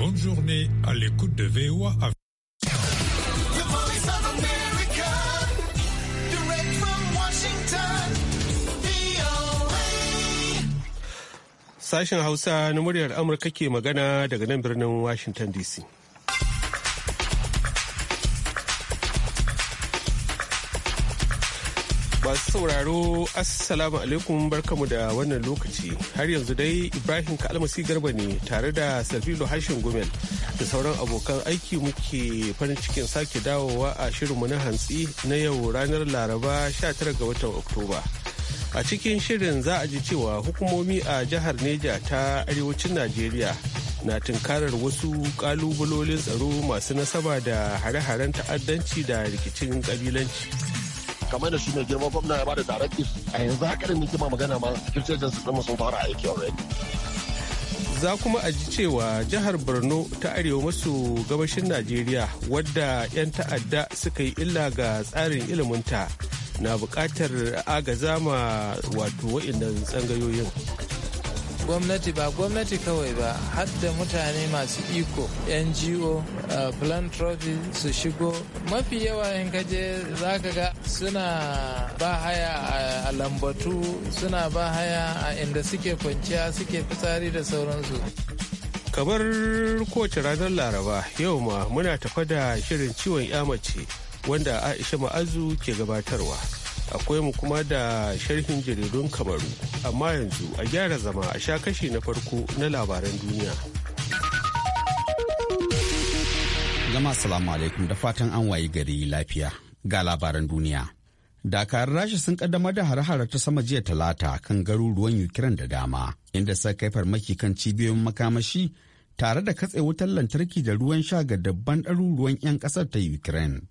Bonne journée à l'écoute de VOA. Sashen Hausa na muryar Amurka ke magana daga nan birnin Washington DC. Masu sauraro Assalamu alaikum barkamu da wannan lokaci har yanzu dai Ibrahim Kalmasi Garba ne tare da Salfilo Hashin Gumel da sauran abokan aiki muke farin cikin sake dawowa a shirinmu na hantsi na yau ranar Laraba 19 ga watan Oktoba. A cikin shirin za a ji cewa hukumomi a jihar Neja ta arewacin Najeriya na tunkarar wasu kalubalolin tsaro masu nasaba da hare-haren ta'addanci da rikicin kabilanci. kamar da shi mai girma gwamna ya bada directive a yanzu haka da muke magana ma security da din sun fara aiki already za kuma a ji cewa jihar borno ta arewa maso gabashin najeriya wadda 'yan ta'adda suka yi illa ga tsarin iliminta na bukatar agazama wato wa'innan tsangayoyin gwamnati ba gwamnati kawai ba har da mutane masu iko ngo uh, philanthropy su shigo mafi yawa in kaje za ka ga suna ba haya a lambatu suna ba haya a inda suke kwanciya suke fitsari da sauransu kamar kowace ranar laraba yau ma muna tafa da shirin ciwon mace wanda aisha ma'azu ke gabatarwa akwai mu kuma da sharhin jaridun kamaru amma yanzu a gyara zama a sha kashi na farko na labaran duniya jama'a salamu alaikum da fatan an waye gari lafiya ga labaran duniya dakarun rasha sun kaddamar da har ta sama jiya talata kan garuruwan ukraine da dama inda suka kai farmaki kan cibiyoyin makamashi tare da katse wutar lantarki da ruwan sha ga dabban ɗaruruwan 'yan ƙasar ta ukraine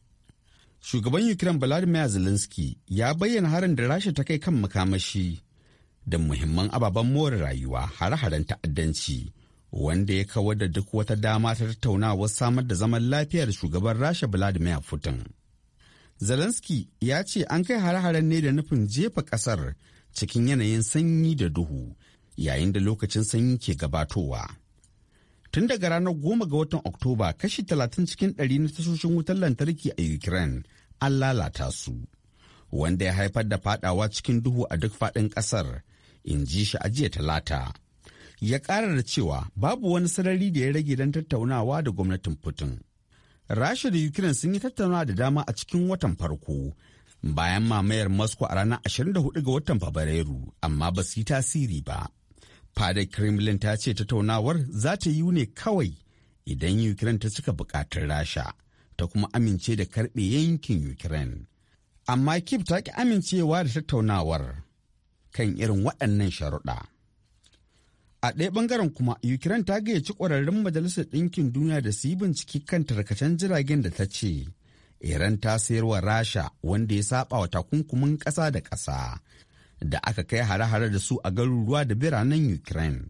shugaban ukraine vladimir zelensky ya bayyana harin da rasha ta kai kan makamashi da muhimman ababen more rayuwa hare-haren ta'addanci wanda ya kawar da duk wata dama ta tattaunawar samar da zaman lafiyar shugaban rasha vladimir putin zelensky ya ce an kai hare-haren ne da nufin jefa kasar cikin yanayin sanyi da duhu yayin da lokacin sanyi ke gabatowa tun daga ranar goma ga watan oktoba kashi talatin cikin ɗari na tashoshin wutar lantarki a ukraine an lalata su wanda ya haifar da fadawa cikin duhu a duk faɗin ƙasar in ji shi a jiya talata ya ƙara da cewa babu wani sarari da ya rage don tattaunawa da gwamnatin putin rasha da ukraine sun yi tattaunawa da dama a cikin watan farko bayan mamayar moscow a ranar 24 ga watan fabrairu amma ba su yi tasiri ba fadar kremlin ta ce tattaunawar za ta yi ne kawai idan ukraine ta cika bukatar rasha ta kuma amince da karbe yankin ukraine amma kif ta ki amincewa da tattaunawar kan irin waɗannan sharuɗa a ɗaya ɓangaren kuma ukraine ta gayyaci ƙwararrun majalisar ɗinkin duniya da su yi bincike kan tarkacen jiragen da ta ce iran ta sayarwa rasha wanda ya saba wa takunkumin ƙasa da ƙasa da aka kai hare-hare da su a garuruwa da biranen Ukraine.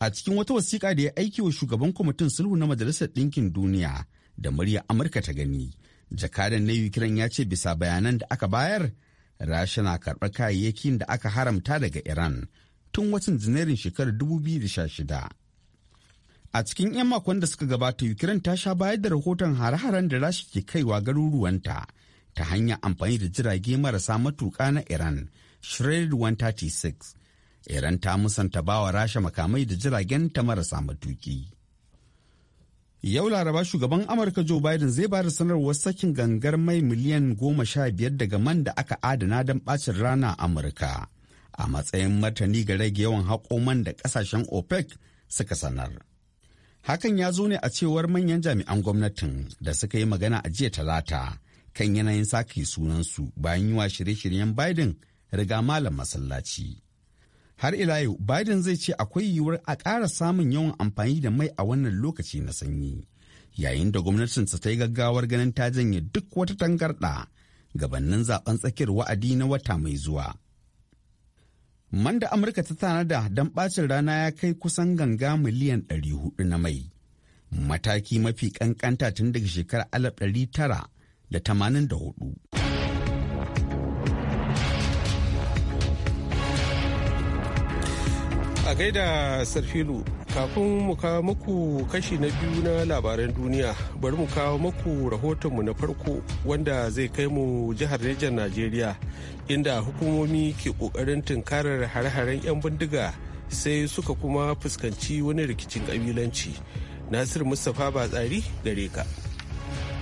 A cikin wata wasiƙa da ya aiki wa shugaban kwamitin sulhu na Majalisar Ɗinkin Duniya da murya Amurka ta gani, jakadan na Ukraine ya ce bisa bayanan da aka bayar, Rasha na karɓar kayayyakin da aka haramta daga Iran tun watan Janairun shekarar 2016. A cikin 'yan makon da suka gabata Ukraine ta sha bayar da rahoton hare-haren da Rasha ke kaiwa garuruwanta ta hanyar amfani da jirage marasa matuƙa na Iran Shred 136. Iran ta musanta bawa rasha makamai da jiragen ta marasa matuki. Yau Laraba shugaban Amurka Joe Biden zai ba da sanarwar sakin gangar mai miliyan goma sha biyar daga man da aka adana don ɓacin rana Amurka a matsayin martani ga rage yawan haƙo man da ƙasashen OPEC suka sanar. Hakan ya zo ne a cewar manyan jami'an gwamnatin da suka yi magana a jiya talata kan yanayin sake sunansu bayan yiwa shirye-shiryen Biden riga malam masallaci. Har ila yau Biden zai ce akwai yiwuwar a ƙara samun yawan amfani da mai a wannan lokaci na sanyi, yayin da gwamnatinsa ta yi gaggawar ganin ta janye duk wata tangarɗa gabanin zaben tsakiyar wa'adi na wata mai zuwa. manda Amurka ta tanada don ɓacin rana ya kai kusan ganga miliyan ɗari hudu na mai, mataki mafi ƙanƙanta tun daga shekarar hudu gaida sarfilu kafin mu kawo muku kashi na biyu na labaran duniya bari mu kawo muku rahotonmu na farko wanda zai kai mu jihar Nijar Najeriya inda hukumomi ke kokarin tunkarar hare-haren 'yan bindiga sai suka kuma fuskanci wani rikicin kabilanci. Nasir Mustapha tsari gare ka.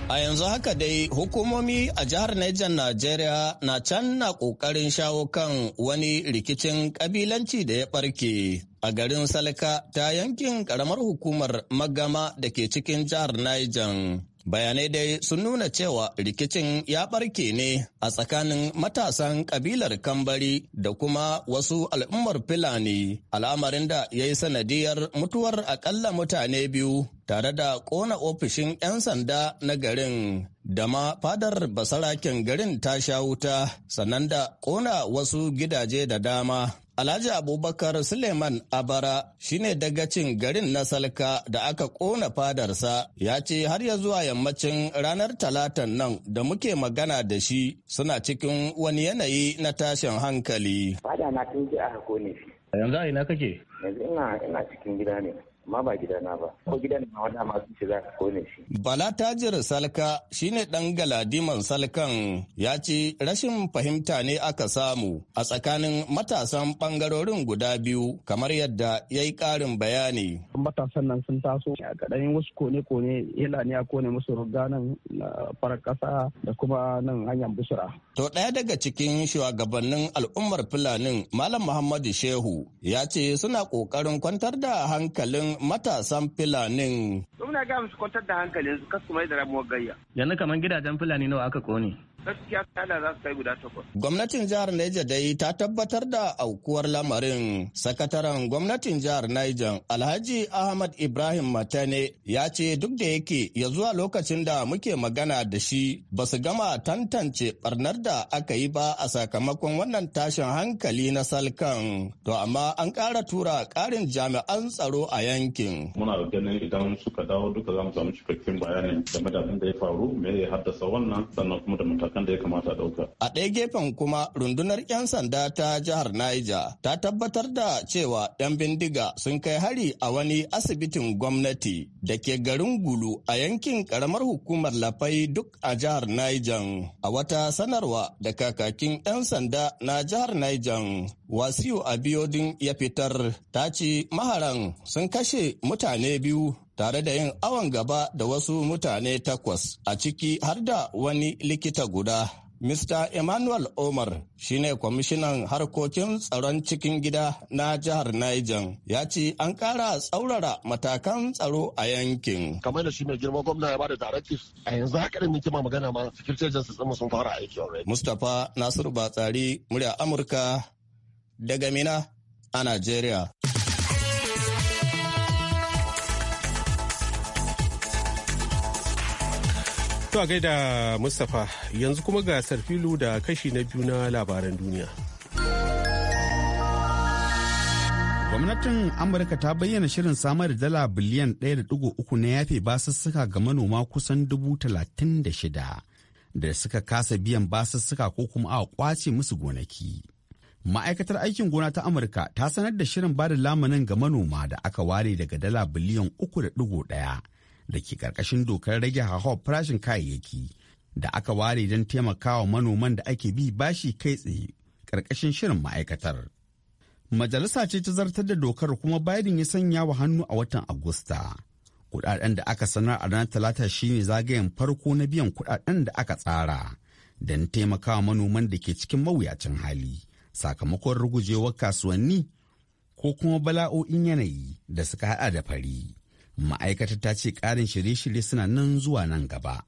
A yanzu haka dai hukumomi a jihar Niger Najeriya na can na ƙoƙarin shawo kan wani rikicin ƙabilanci da ya ɓarke a garin Salka ta yankin ƙaramar hukumar Magama da ke cikin jihar Niger. Bayanai dai sun nuna cewa rikicin ya ɓarke ne a tsakanin matasan ƙabilar Kambari da kuma wasu al'ummar Fulani, al'amarin da ya yi sanadiyar mutuwar akalla mutane biyu tare da kona ofishin 'yan sanda na garin da ma fadar basarakin garin ta sha wuta sannan da kona wasu gidaje da dama. Alhaji Abubakar Suleiman Abara shine dagacin garin na Salka da aka kona fadarsa ya ce har ya zuwa yammacin ranar talatan nan da muke magana da shi suna cikin wani yanayi na tashin hankali. Fada na tun ji aka kone shi. Yanzu a ina kake? Yanzu ina cikin gida ne. amma ba gidana ba ko gidan na wani amma sun ce za ka kone shi. Bala Tajir Salka shine dan Galadiman Salkan ya ce rashin fahimta ne aka samu a tsakanin matasan bangarorin guda biyu kamar yadda ya yi ƙarin bayani. Matasan nan sun taso a kaɗanin wasu kone-kone yana ne a kone musu na farar ƙasa da kuma nan hanyar busura. To ɗaya daga cikin shugabannin al'ummar Fulanin Malam Muhammadu Shehu ya ce suna ƙoƙarin kwantar da hankalin matasan matasan filanin. Muna ga musu kwantar da hankalin su kasu mai da ramuwar gayya. Yanzu kamar gidajen fulani nawa aka kone. gaskiya tsada za su kai guda takwas. Gwamnatin jihar Niger dai ta tabbatar da aukuwar lamarin. Sakataren gwamnatin jihar Niger Alhaji Ahmad Ibrahim Matane ya ce duk da yake ya zuwa lokacin da muke magana da shi ba su gama tantance barnar da aka yi ba a sakamakon wannan tashin hankali na salkan. To amma an ƙara tura ƙarin jami'an tsaro a yankin. Muna ganin idan suka dawo duka za mu samu cikakken bayani game da abin da ya faru me ya haddasa wannan sannan kuma da matakan matakan da ya kamata a ɗauka. A ɗaya gefen kuma rundunar 'yan sanda ta jihar Niger ta tabbatar da cewa 'yan bindiga sun kai hari a wani asibitin gwamnati da ke garin Gulu a yankin ƙaramar hukumar Lafai duk a jihar Niger. A wata sanarwa da kakakin 'yan sanda na jihar Niger Wasiu Abiodun ya fitar ta ce maharan sun kashe mutane biyu tare da yin awon gaba da wasu mutane takwas a ciki har da wani likita guda. Mr. Emmanuel Omar shine kwamishinan harkokin tsaron cikin gida na jihar Niger ya ce an kara tsaurara matakan tsaro a yankin. Kamar da shi mai girma gwamna ya bada directive a yanzu haka da muke magana ma security agencies din sun fara aiki already. Mustapha Nasiru Batsari murya Amurka daga Mina a Nigeria. To a gaida Mustapha yanzu kuma ga Sarfilu da kashi na biyu na labaran duniya. Gwamnatin Amurka ta bayyana shirin samar da dala biliyan 1.3 na yafe basussuka ga manoma kusan dubu da suka kasa biyan basussuka ko kuma a kwace musu gonaki. Ma'aikatar aikin gona ta Amurka ta sanar da shirin ba da lamunin ga manoma da aka ware daga dala biliyan 3.1 da ke ƙarƙashin dokar rage hahawar farashin kayayyaki da aka ware don taimakawa manoman da ake bi bashi kai tsaye ƙarƙashin shirin ma'aikatar. Majalisa ce ta zartar da dokar kuma Biden ya sanya wa hannu a watan Agusta. kuɗaɗen da aka sanar a ranar Talata shine zagayen farko na biyan kuɗaɗen da aka tsara don taimakawa manoman da ke cikin mawuyacin hali sakamakon rugujewar kasuwanni ko kuma bala'o'in yanayi da suka haɗa da fari. ma'aikatar ta ce ƙarin shirye-shirye suna nan zuwa nan gaba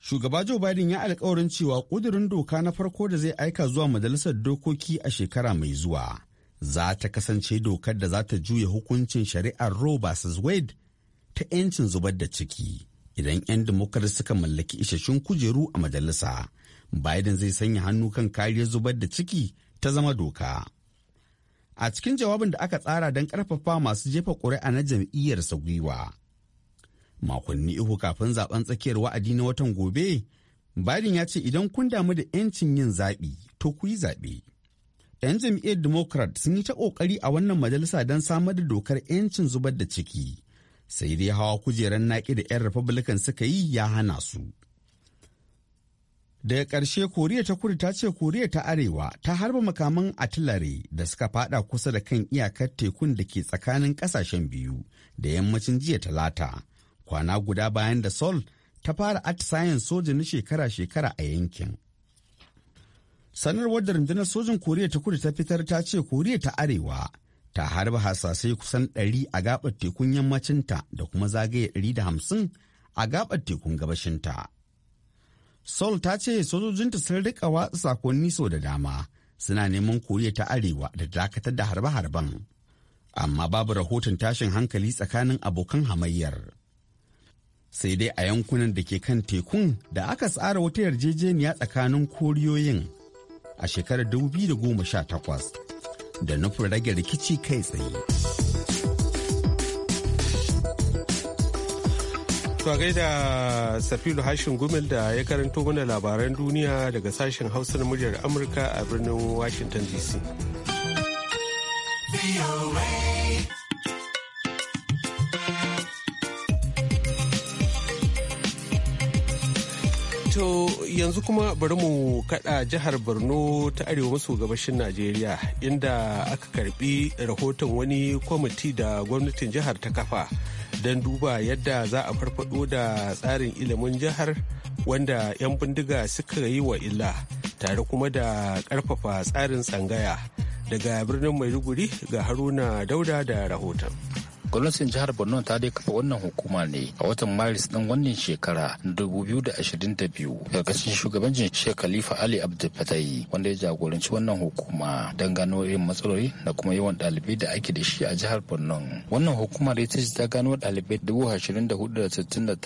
shugaba joe biden ya alkawarin cewa ƙudurin doka na farko da zai aika zuwa majalisar dokoki a shekara mai zuwa za ta kasance dokar da za ta juya hukuncin shari'ar roe vs wade ta 'yancin zubar da ciki idan 'yan demokrat suka mallaki isasshen kujeru a majalisa biden zai sanya hannu kan kariyar zubar da ciki ta zama doka. a cikin jawabin da aka tsara don karfafa masu jefa ƙuri'a na jam'iyyar sa gwiwa. Makonni uku kafin zaben tsakiyar wa'adi na watan gobe, Biden ya ce idan kun damu da 'yancin yin zaɓi, to ku yi zaɓe. 'Yan jam'iyyar Democrat sun yi ta ƙoƙari a wannan majalisa don samar da dokar 'yancin zubar da ciki. Sai dai hawa kujerar naƙi da 'yan Republican suka yi ya hana su. daga ƙarshe koriya ta kudu ta ce koriya ta arewa ta harba makaman atilare da suka fada kusa da kan iyakar tekun da ke tsakanin ƙasashen biyu da yammacin jiya talata kwana guda bayan da sol ta fara atisayen soja na shekara-shekara a yankin sanarwar da rundunar sojin koriya ta kudu ta fitar ta ce koriya ta arewa ta harba hasasai kusan 100 a gabar tekun yammacinta da kuma zagaye 150 a gabar tekun gabashinta. Seoul ta ce sojojinta sun rika watsa sakonni sau da dama suna neman koriya ta arewa da dakatar da harbe-harben. Amma babu rahoton tashin hankali tsakanin abokan hamayyar. Sai dai a yankunan da ke kan tekun da aka tsara wata yarjejeniya tsakanin koriyoyin a shekarar 2018 da nufin rage rikici kai tsaye. To da Safilu Hashin Gumel da ya karanto mana labaran duniya daga sashen Hausa na muryar Amurka a birnin Washington DC. To yanzu kuma bari mu kada jihar Borno ta arewa maso gabashin Najeriya inda aka karbi rahoton wani kwamiti da gwamnatin jihar ta kafa. don duba yadda za a farfado da tsarin ilimin jihar wanda 'yan bindiga suka yi wa illa tare kuma da karfafa tsarin tsangaya daga birnin maiduguri ga haruna dauda da rahoton. gwamnatin jihar borno ta dai kafa wannan hukuma ne a watan maris ɗin wannan shekara na 2022 karkashin shugaban sheikh khalifa ali abdulfatai wanda ya jagoranci wannan hukuma don gano irin matsaloli da kuma yawan ɗalibai da ake da shi a jihar borno wannan hukuma da ita ta gano ɗalibai ashirin da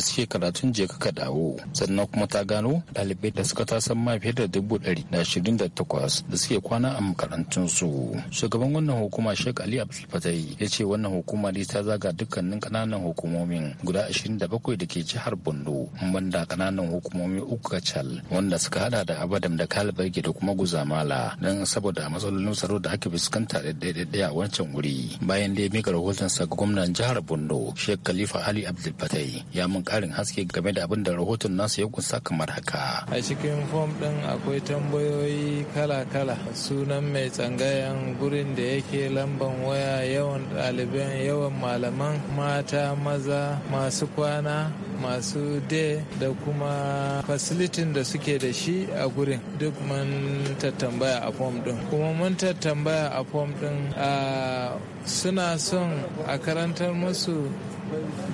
suke karatun je ka dawo sannan kuma ta gano ɗalibai da suka tasan ma fiye da 128 da suke kwana a makarantunsu shugaban wannan hukuma sheikh ali abdulfatai ya ce wannan hukuma dai ta zaga dukkanin kananan hukumomin guda 27 da ke jihar Bondo banda kananan hukumomi uku kacal wanda suka hada da Abadam da Kalbarge da kuma Guzamala dan saboda matsalolin tsaro da ake fuskanta da daidai a wancan wuri bayan dai ya mika rahoton sa ga gwamnan jihar Bondo Sheikh Khalifa Ali Abdul Fatai ya mun karin haske game da abin da rahoton nasu ya kunsa kamar haka a cikin fom din akwai tambayoyi kala-kala sunan mai tsangayan gurin da yake lamban waya yawan ɗalibai ban yawan malaman mata maza masu kwana masu de da kuma fasilitin da suke da shi a gurin duk mun tattambaya a fom ɗin. kuma mun tattambaya a fom din ah, suna son a karantar musu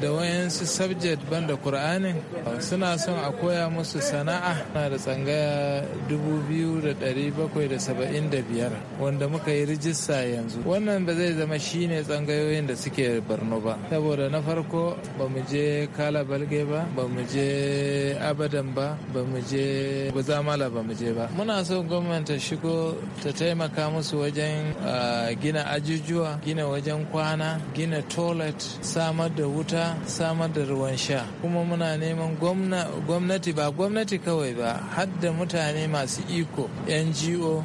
da wayansu subject da kur'anin suna son a koya musu sana'a na da tsangaya biyar. wanda muka yi rijista yanzu wannan ba zai zama shine tsangayoyin da suke barno ba saboda na farko ba mu je kala balge ba ba mu je abadan ba ba mu je guzamala ba mu je ba muna son gwamnati shigo ta taimaka musu wajen ah, gina ajujuwa gina wajen kwana gina toilet samar da da wuta samar da ruwan sha kuma muna neman gwamnati ba gwamnati kawai ba har da mutane masu iko ngo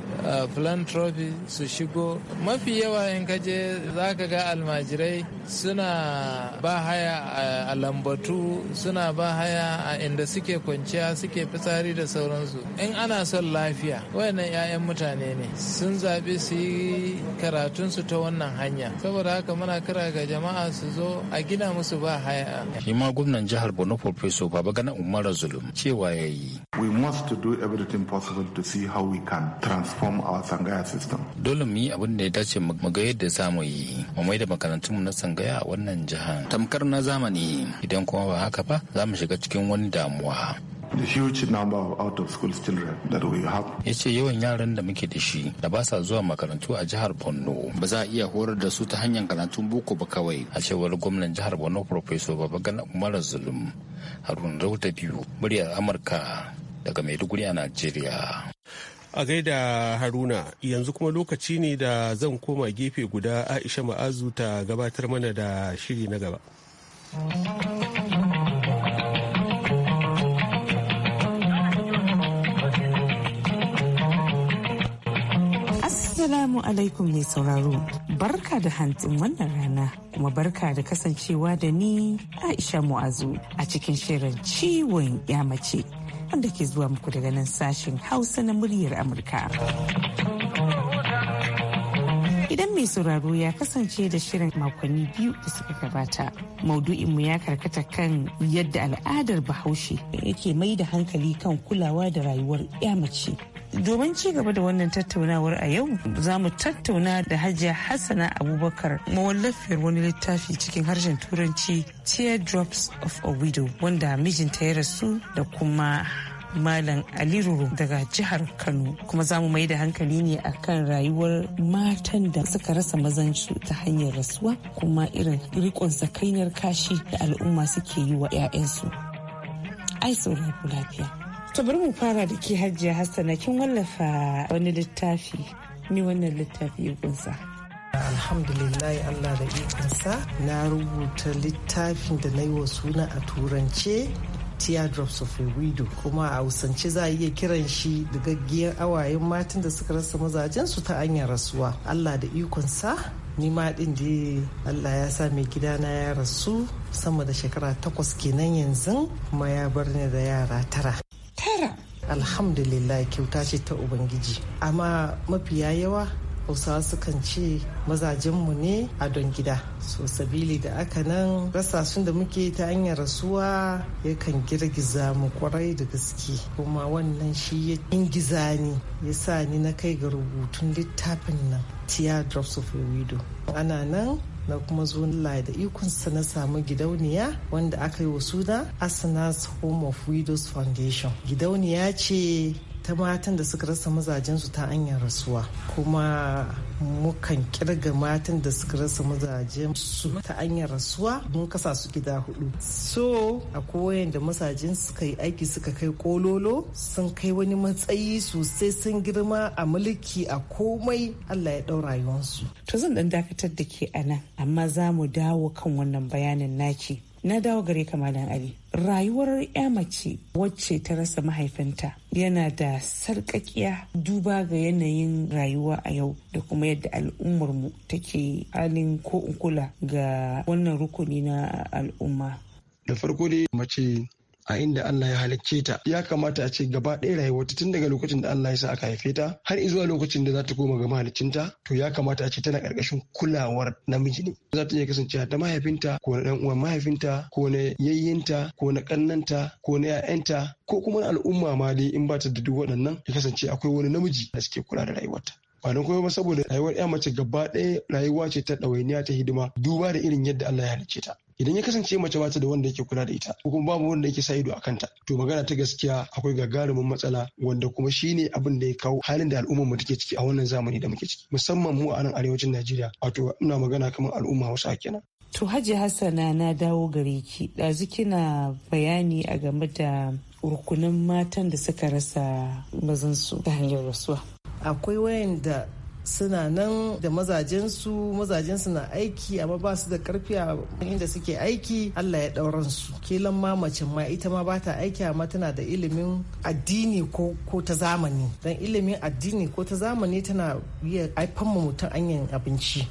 philanthropy su shigo mafi yawa in kaje za ka ga almajirai suna ba haya a lambatu suna ba haya a inda suke kwanciya suke fitsari da sauransu in ana son lafiya wayannan 'ya'yan mutane ne sun zaɓi su yi karatunsu ta wannan hanya saboda haka muna kira ga jama'a su zo a gina musu ba haya shi ma gwamnan jihar borno professor babagana umara zulum cewa ya yi we must do everything possible to see how we can transform our sangaya system dole mu yi abin da ya dace mu ga yadda za mu yi mu mai da makarantun na sangaya a wannan jihar tamkar na zamani idan kuma ba haka ba za mu shiga cikin wani damuwa the huge number of out of school children that we have. Ya ce yawan yaran da muke da shi da ba sa zuwa makarantu a jihar Borno ba za a iya horar da su ta hanyar karatun boko ba kawai a cewar gwamnan jihar Borno Professor Babagana Umar Zulum Harun Rauta biyu muryar Amurka daga Maiduguri a Najeriya. A gaida Haruna yanzu kuma lokaci ne da zan koma gefe guda Aisha Ma'azu ta gabatar mana da shiri na gaba. Assalamu alaikum mai sauraro, barka da hantsin wannan rana kuma barka da kasancewa da ni Aisha Mu'azu a cikin shirin ciwon mace wanda ke zuwa muku daga nan sashen Hausa na muryar Amurka. Idan mai sauraro ya kasance da shirin makonni biyu da suka gabata, maudu'inmu ya karkata kan yadda al'adar bahaushe yake mai da hankali kan kulawa da rayuwar mace. Domin ci gaba da wannan tattaunawar a yau za mu tattauna da Hajiya Hassana Abubakar mawallafiyar wani littafi cikin harshen Turanci Teardrops of a Widow wanda mijinta ya rasu da kuma Malam Aliruru daga jihar Kano kuma za mu mai da hankali ne a kan rayuwar matan da suka rasa mazansu ta hanyar rasuwa kuma irin rikon sakainar kashi da al'umma suke yi wa 'ya'yansu. Ai sauraro lafiya. ta bari mu fara da ke hajjiya Hassana kin wallafa wani littafi ni wannan littafi ya kunsa. Alhamdulillah Allah da ikonsa na rubuta littafin da na yi wa suna a turance teardrops of a widow kuma a usance za a iya kiran shi da gaggiyar awayen matan da suka rasa mazajensu ta hanyar rasuwa allah da ikonsa ni ma din da allah ya sa mai gidana ya rasu sama da shekara takwas kenan yanzu kuma ya bar ni da yara tara tara alhamdulillah kyauta ce ta ubangiji amma mafiya yawa hausawa sukan ce mazajenmu ne a don gida so sabili da aka nan rasa sun da muke ta hanyar rasuwa yakan girgiza mu kwarai da gaske kuma wannan shi ya ingiza ni ya sa ni na kai ga rubutun littafin nan drops of a widow ana nan na kuma zo Allah da ikonsa na samu gidauniya wanda aka yi wa suna Asanas Home of Widows Foundation. Gidauniya ce ta matan da suka rasa mazajensu ta hanyar rasuwa kuma mukan kirga matan da suka rasa mazajensu ta hanyar rasuwa mun kasa su gida hudu so a koyan da mazajen suka yi aiki suka kai kololo sun kai wani matsayi sosai sun girma a mulki a komai allah ya ɗau rayuwarsu to zan dan dakatar da ke a nan amma za mu dawo kan wannan bayanin naki na dawo gare ka malam ali rayuwar ya mace wacce ta rasa mahaifinta yana da sarƙaƙƙiya duba ga yanayin rayuwa a yau da kuma yadda al'ummar mu take halin ko kula ga wannan rukuni na al'umma da farko dai mace a inda Allah ya halicce ta ya kamata a ce gaba ɗaya rayuwarta tun daga lokacin da Allah ya sa aka haife ta har zuwa lokacin da za ta koma ga mahaliccinta to ya kamata a ce tana ƙarƙashin kulawar namiji ne za ta iya kasancewa ta mahaifinta ko na ɗan uwan mahaifinta ko na yayyinta ko na ƙannanta ko na 'ya'yanta ko kuma al'umma ma dai in ba ta da duk waɗannan ya kasance akwai wani namiji da suke kula da rayuwarta ba don kuma saboda rayuwar ya mace gaba ɗaya rayuwa ce ta ɗawainiya ta hidima duba da irin yadda Allah ya halicce ta idan ya kasance mace ba ta da wanda yake kula da ita ko kuma babu wanda yake sa ido a kanta to magana ta gaskiya akwai gagarumin matsala wanda kuma shine abin da ya kawo halin da al'ummar mu take ciki a wannan zamani da muke ciki musamman mu a nan arewacin Najeriya wato ina magana kamar al'umma a kenan To Haji Hassana na dawo gare ki ɗazu kina bayani a game da rukunin matan da suka rasa mazansu ta hanyar rasuwa. Akwai wayanda suna nan da mazajensu mazajensu na aiki amma ba su da karfi a inda suke aiki Allah ya ɗauran su kelan ma mace ma ita ma ba ta aiki amma tana da ilimin addini ko ta zamani dan ilimin addini ko ta zamani tana iya aifan mu mutum anyan abinci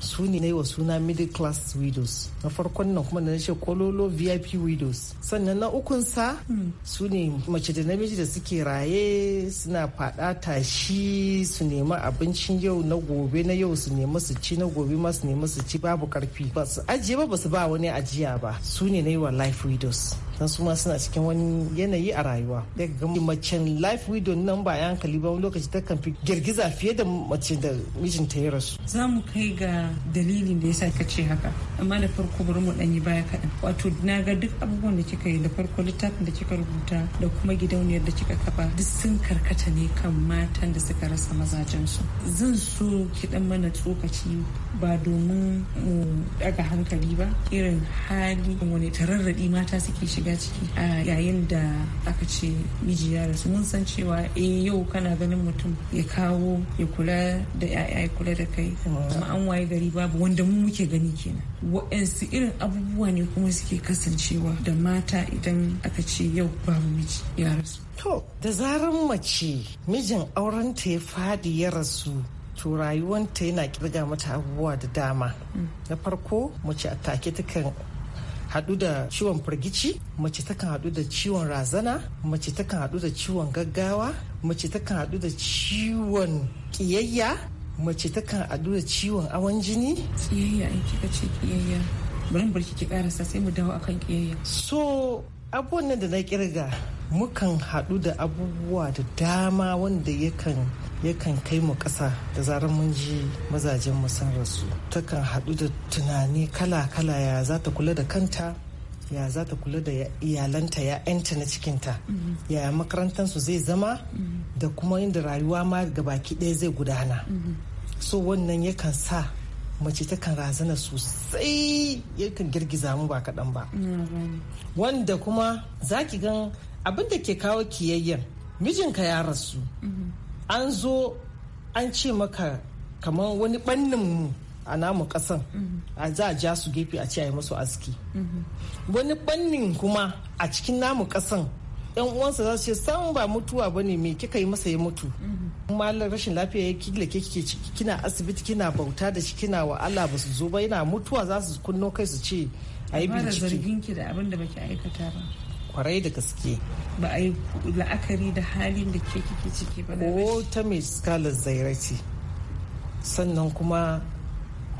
su ne na yi wa suna middle class widows na farkon nan kuma da na ce kololo vip widows sannan na ukunsa. sa hmm. su ne mace da namiji da suke raye suna fada tashi su nema abinci abincin yau na gobe na yau su nemi su ci na gobe ma su nemi su ci babu karfi ba su ajiye ba ba su ba wani ajiya ba su ne na yi wa life widows dan su ma suna cikin wani yanayi a rayuwa daga ga macen life widow nan ba ya hankali ba wani lokaci ta kan fi girgiza fiye da mace da mijinta ya rasu za mu kai ga dalilin da yasa kace ce haka amma da farko bari mu danyi baya kaɗan wato na ga duk abubuwan da kika yi da farko littafin da kika rubuta da kuma gidauniyar da kika kafa duk sun karkata ne kan matan da suka rasa mazajensu zan so ki dan mana tsokaci ba domin mu daga hankali ba irin hali wani tararradi mata suke shiga shiga ciki a yayin da aka ce miji ya rasu mun san cewa eh yau kana ganin mutum ya kawo ya kula da ya'ya ya kula da kai kuma an waye gari babu wanda mu muke gani kenan wa'ansu irin abubuwa ne kuma suke kasancewa da mata idan aka ce yau babu miji ya rasu to da zarar mace mijin aurenta ya fadi ya rasu to rayuwanta yana kirga mata abubuwa da dama mm. na farko mace a take ta kan haɗu da ciwon firgici mace takan haɗu da ciwon razana mace takan haɗu da ciwon gaggawa mace takan haɗu da ciwon ƙiyayya mace takan haɗu da ciwon awan jini ƙiyayya in kika ce ƙiyayya bari bar ki karasa sai mu dawo akan ƙiyayya so abubuwan da na kirga mukan haɗu da abubuwa da dama wanda yakan yakan kai mu ƙasa da zarar mun ji mazajen mu sun rasu takan haɗu da tunani kala-kala ya za ta kula da kanta ya za ta kula da iyalanta ya yanta na cikinta mm-hmm. ya makarantansu zai zama mm-hmm. da kuma inda rayuwa ma baki ɗaya zai gudana mm-hmm. so wannan yakan sa mace takan razana sosai yakan girgiza mu ba kaɗan ba wanda kuma za ki gan abin da ke kawo kiyayyen mijinka ya rasu an zo an ce maka kamar wani bannin mu a namu kasan mhm. a za a ja su gefe a ce a yi masu aski mhm. wani bannin kuma a cikin namu kasan yan uwansa za su ce san ba mutuwa ba ne me kika yi masa ya mutu mhm. malar rashin lafiya ya kila ke kike kina asibiti kina bauta da shi kina wa Allah ba su zo ba yana mutuwa za su kunno kai su ce a yi bincike da abin da baki aikata ba kwarai da gaske ba a yi la'akari da halin da ke kike ciki ba ko ta mai skalar zairaci sannan kuma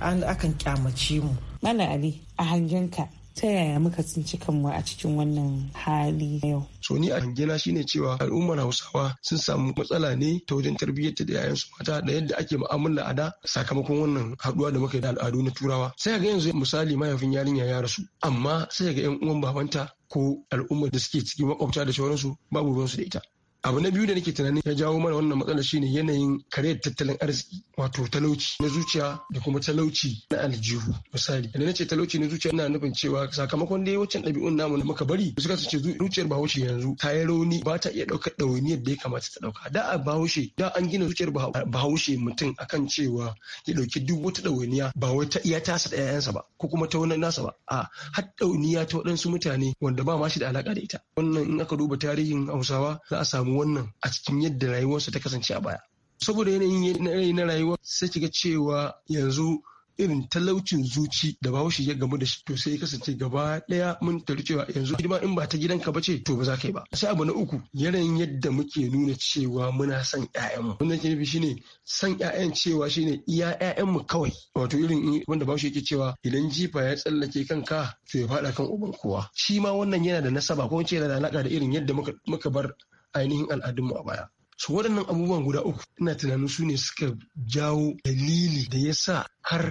an akan kyamace mu mana ali a hangen ka. ta yaya muka tsinci kanmu a cikin wannan hali yau so ni a hangena shine cewa al'ummar hausawa sun samu matsala ne ta wajen tarbiyyar da yayan su mata da yadda ake mu'amala a da sakamakon wannan haduwa da muka yi da al'adu na turawa sai ga yanzu misali mahaifin yarinya ya rasu amma sai ga yan uwan babanta ko al'ummar da suke cikin makwabta da sauransu babu ruwansu da ita abu na biyu da nake tunanin ya jawo mana wannan matsala shine yanayin kare tattalin arziki wato talauci na zuciya da kuma talauci na aljihu misali idan nace talauci na zuciya ina nufin cewa sakamakon dai wancan ɗabi'un namu da muka bari suka ce zuciyar bahaushe yanzu ta yi rauni ba ta iya ɗaukar ɗawainiyar da ya kamata ta ɗauka da a bahaushe da an gina zuciyar bahaushe mutum akan cewa ya ɗauki duk wata ɗawainiya ba wai ta iya tasa da 'ya'yansa ba ko kuma ta wani nasa ba a har ɗauniya ta waɗansu mutane wanda ba ma shi da alaƙa da ita wannan in aka duba tarihin hausawa za a samu wannan a cikin yadda rayuwarsa ta kasance a baya saboda yanayin na rayuwa sai kiga cewa yanzu irin talaucin zuci da ba shi ya gamu da shi to sai ya kasance gaba daya mun tari cewa yanzu hidima in ba ta gidanka ba ce to ba za ka yi ba sai abu na uku yanayin yadda muke nuna cewa muna son ƴaƴanmu wannan ke nufi shine son ƴaƴan cewa shine iya ƴaƴanmu kawai wato irin wanda shi yake cewa idan jifa ya tsallake kan ka, to ya faɗa kan uban kowa shi ma wannan yana da nasaba ko yana da alaka da irin yadda muka bar ainihin al'adunmu a baya. su waɗannan abubuwan guda uku ina tunanin su ne suka jawo dalili da ya sa har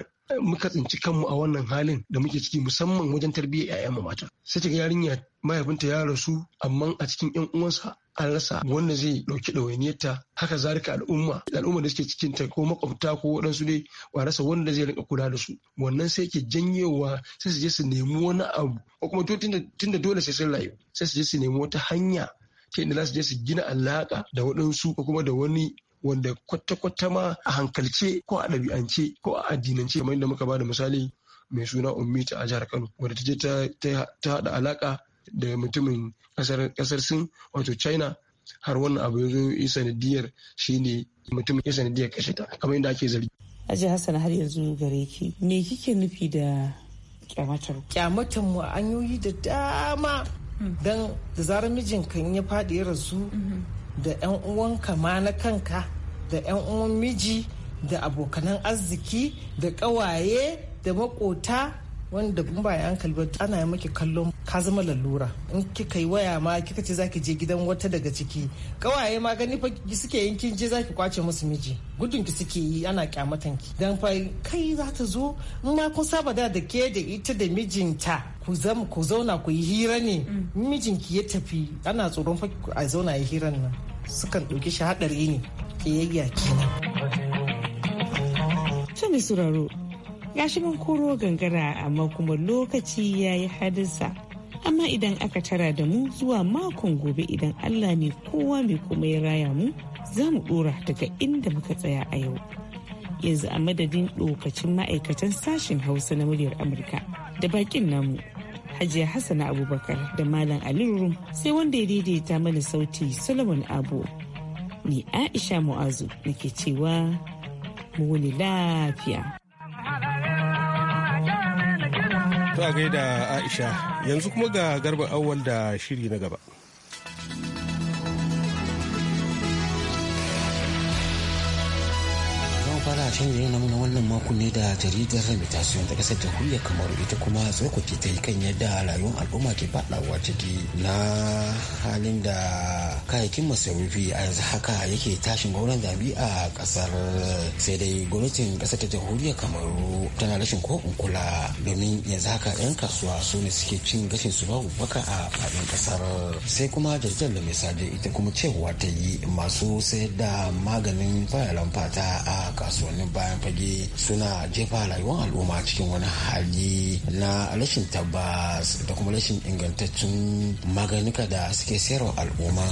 muka tsinci kanmu a wannan halin da muke ciki musamman wajen tarbiyyar 'ya'yanmu mata sai ta yarinya mahaifinta ya rasu amma a cikin 'yan uwansa an rasa wanda zai ɗauki ɗawainiyarta haka zalika al'umma al'umma da suke cikin ta ko makwabta ko waɗansu dai wa rasa wanda zai rika kula da su wannan sai ke janyewa sai su je su nemi wani abu ko kuma tunda dole sai sun rayu sai su je su nemi wata hanya ta inda za su je su gina alaƙa da waɗansu ko kuma da wani wanda kwata-kwata ma a hankalce ko a ɗabi'ance ko a addinance kamar yadda muka ba da misali mai suna ta a jihar kano wadda ta je ta haɗa alaƙa da mutumin ƙasar sin wato china har wannan abu ya zo ya sanadiyar shi ne mutum ya sanadiyar kashe ta kamar yadda ake zargi. Aji Hassan har yanzu gare ki me kike nufi da kyamatar? Kyamatar mu an yoyi da dama don da zarar kan ya faɗi ya rasu da 'yan uwanka ma na kanka da 'yan uwan miji da abokanan arziki da ƙawaye da makota wanda in ba ya hankali ba ana yi maki kallon ka zama lalura in kika yi waya ma kika ce zaki je gidan wata daga ciki kawaye ma gani fa suke yin kin je zaki kwace musu miji gudun ki suke yi ana kyamatan ki dan fa kai za ta zo in ma kun saba da da ke da ita da mijinta ku zama ku zauna ku yi hira ne mm. mijinki ya tafi ana tsoron fa a zauna yi hiran nan sukan ɗauki shi haɗari ne ke yayya kenan. Sani Suraro, ya shiga koro gangara amma kuma lokaci ya yi hadinsa amma idan aka tara da mu zuwa makon gobe idan allah ne kowa mai kuma ya raya mu za mu dora daga inda muka tsaya a yau yanzu a madadin lokacin ma'aikatan sashen hausa na muryar amurka da bakin namu hajiya hassana abubakar da malam aliru sai wanda ya daidaita mana sauti solomon abu ni aisha mu'azu nake cewa mu wuni lafiya To a gaida Aisha yanzu kuma ga garba awwal da shiri na gaba. fara shan yayin na na wannan makon ne da jaridar remitation ta kasar jamhuriyar Kamaru ita kuma tsokoki ta yi kan yadda rayuwar al'umma ke faɗawa ciki na halin da kayakin masarufi a yanzu haka yake tashin gwauron zabi a kasar sai dai gwamnatin kasar ta jamhuriyar Kamaru tana rashin ko kula domin yanzu haka 'yan kasuwa su ne suke cin gashin su babu baka a faɗin kasar sai kuma jaridar da misali ita kuma cewa ta yi masu sayar da maganin fayalan fata a kasuwa kasuwannin bayan fage suna jefa rayuwar al'umma cikin wani hali na rashin tabbas da kuma rashin ingantaccen maganuka da suke sayarwa al'umma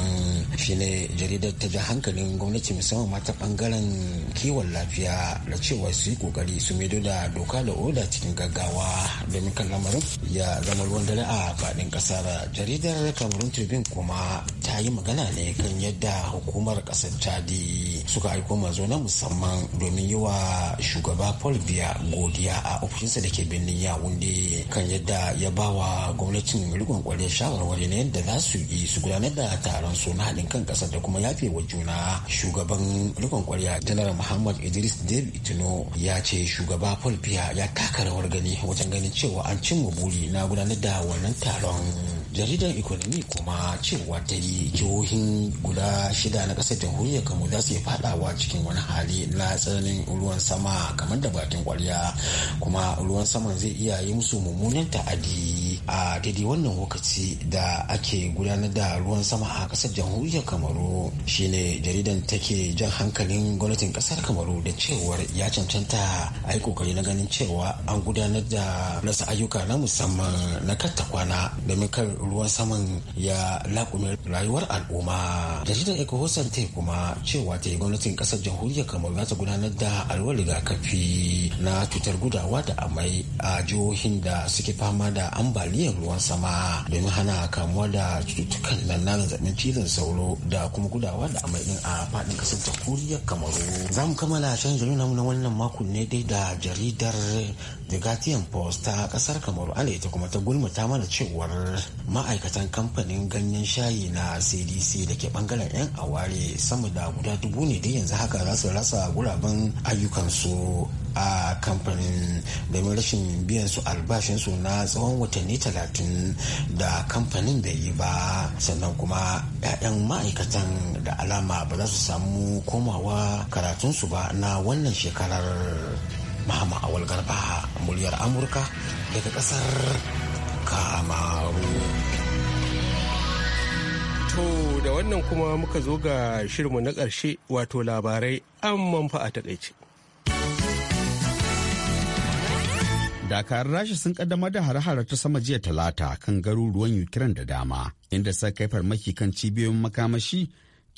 shine jaridar ta ji hankalin gwamnati musamman mata bangaren kiwon lafiya da cewa su yi kokari su maido da doka da oda cikin gaggawa domin kan lamarin ya zama ruwan dare a faɗin ƙasar jaridar kamarun tribune kuma ta yi magana ne kan yadda hukumar ƙasar chadi suka aiko mazo na musamman domin domin yi wa shugaba paul biya godiya a ofishinsa da ke birnin wunde kan yadda ya ba wa gwamnatin rigon kwarai shawarwari na yadda za su yi su gudanar da taron su na haɗin kan ƙasar da kuma yafe wa juna shugaban rigon kwarya janar muhammad idris david itino ya ce shugaba paul biya ya taka rawar gani wajen ganin cewa an cimma buri na gudanar da wannan taron jaridar economy kuma cewa ta yi jihohin guda shida na ƙasar jamhuriyar kamo za su fadawa cikin wani hali na tsananin ruwan sama kamar da bakin kwarya kuma ruwan saman zai iya yi musu mummunan ta'adi a daidai wannan lokaci da ake gudanar da ruwan sama a kasar jamhuriyar kamaru shine jaridan take jan hankalin gwamnatin kasar kamaru da cewar ya cancanta a yi kokari na ganin cewa an gudanar da rasa ayyuka na musamman na katta kwana domin kar ruwan saman ya lakume rayuwar al'umma jaridar ecohosan ta kuma cewa ta yi gwamnatin kasar jamhuriyar kamaru za ta gudanar da alwar rigakafi na cutar gudawa da amai a jihohin da suke fama da ambali ambaliyar ruwan sama domin hana kamuwa da cututtukan lalla zazzabin cizon sauro da kuma gudawa da amai din a faɗin ƙasar jamhuriyar kamaru za mu kammala shan jaridar namu na wannan makon ne dai da jaridar the guardian post ta ƙasar kamaru ana ita kuma ta gulmata mana cewar ma'aikatan kamfanin ganyen shayi na cdc da ke bangaren yan aware sama da guda dubu ne dai yanzu haka za su rasa guraben ayyukansu a kamfanin domin rashin biyan su albashinsu na tsawon watanni talatin da kamfanin bai yi ba sannan kuma 'ya'yan ma'aikatan da alama ba za su samu komawa karatun su ba na wannan shekarar mahama awal garba muryar amurka daga kasar kamaru to da wannan kuma muka zo ga shirmu na ƙarshe wato labarai an manfa'a ta ɗaice dakarun rasha sun kaddamar da hare ta sama jiya talata kan garuruwan ukraine da dama inda sa kai farmaki kan cibiyoyin makamashi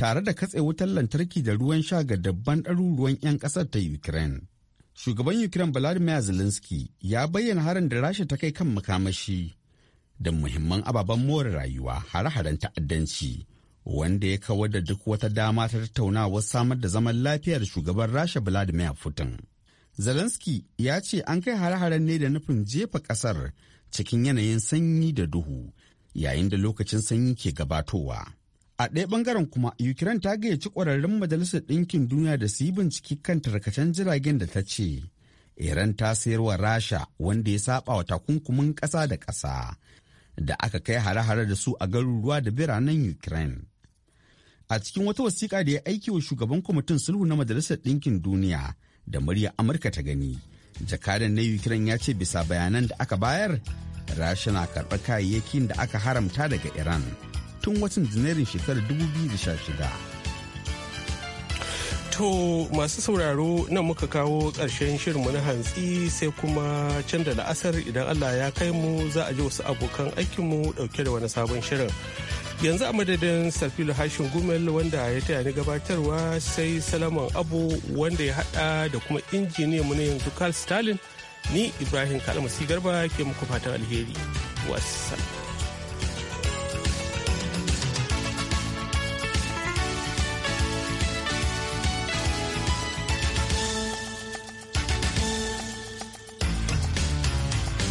tare da katse wutar lantarki da ruwan sha ga dabban ɗaruruwan 'yan ƙasar ta ukraine shugaban ukraine vladimir zelensky ya bayyana harin da rasha ta kai kan makamashi da muhimman ababen more rayuwa hare-haren ta'addanci wanda ya kawar da duk wata dama ta tattaunawar samar da zaman lafiyar shugaban rasha vladimir putin Zelensky ya ce an kai hare-haren ne da nufin jefa ƙasar cikin yanayin sanyi da duhu yayin da lokacin sanyi ke gabatowa. A ɗaya ɓangaren kuma, Ukraine ta gayyaci ƙwararrun Majalisar Ɗinkin Duniya da su yi bincike kan tarkacen jiragen da ta ce, Iran ta sayarwa Rasha wanda ya saba wa takunkumin ƙasa da ƙasa da aka kai hare-hare da su a garuruwa da biranen Ukraine. A cikin wata wasiƙa da ya aiki wa shugaban kwamitin sulhu na Majalisar Ɗinkin Duniya, da murya amurka ta gani jakadan na ukraine ya ce bisa bayanan da aka bayar rasha na karɓar kayayyakin da aka haramta daga iran tun watan janairun shekarar 2016 To masu sauraro nan muka kawo ƙarshen shirinmu na hantsi sai kuma can da la'asar idan Allah ya kai mu za a ji wasu abokan aikinmu ɗauke da wani sabon shirin. yanzu a madadin sarfilu hashin gumel wanda ya taya ni gabatarwa sai salaman abu wanda ya hada da kuma injiniyan mu na yanzu carl stalin ni ibrahim kalmasi garba ke muku fatan alheri wasu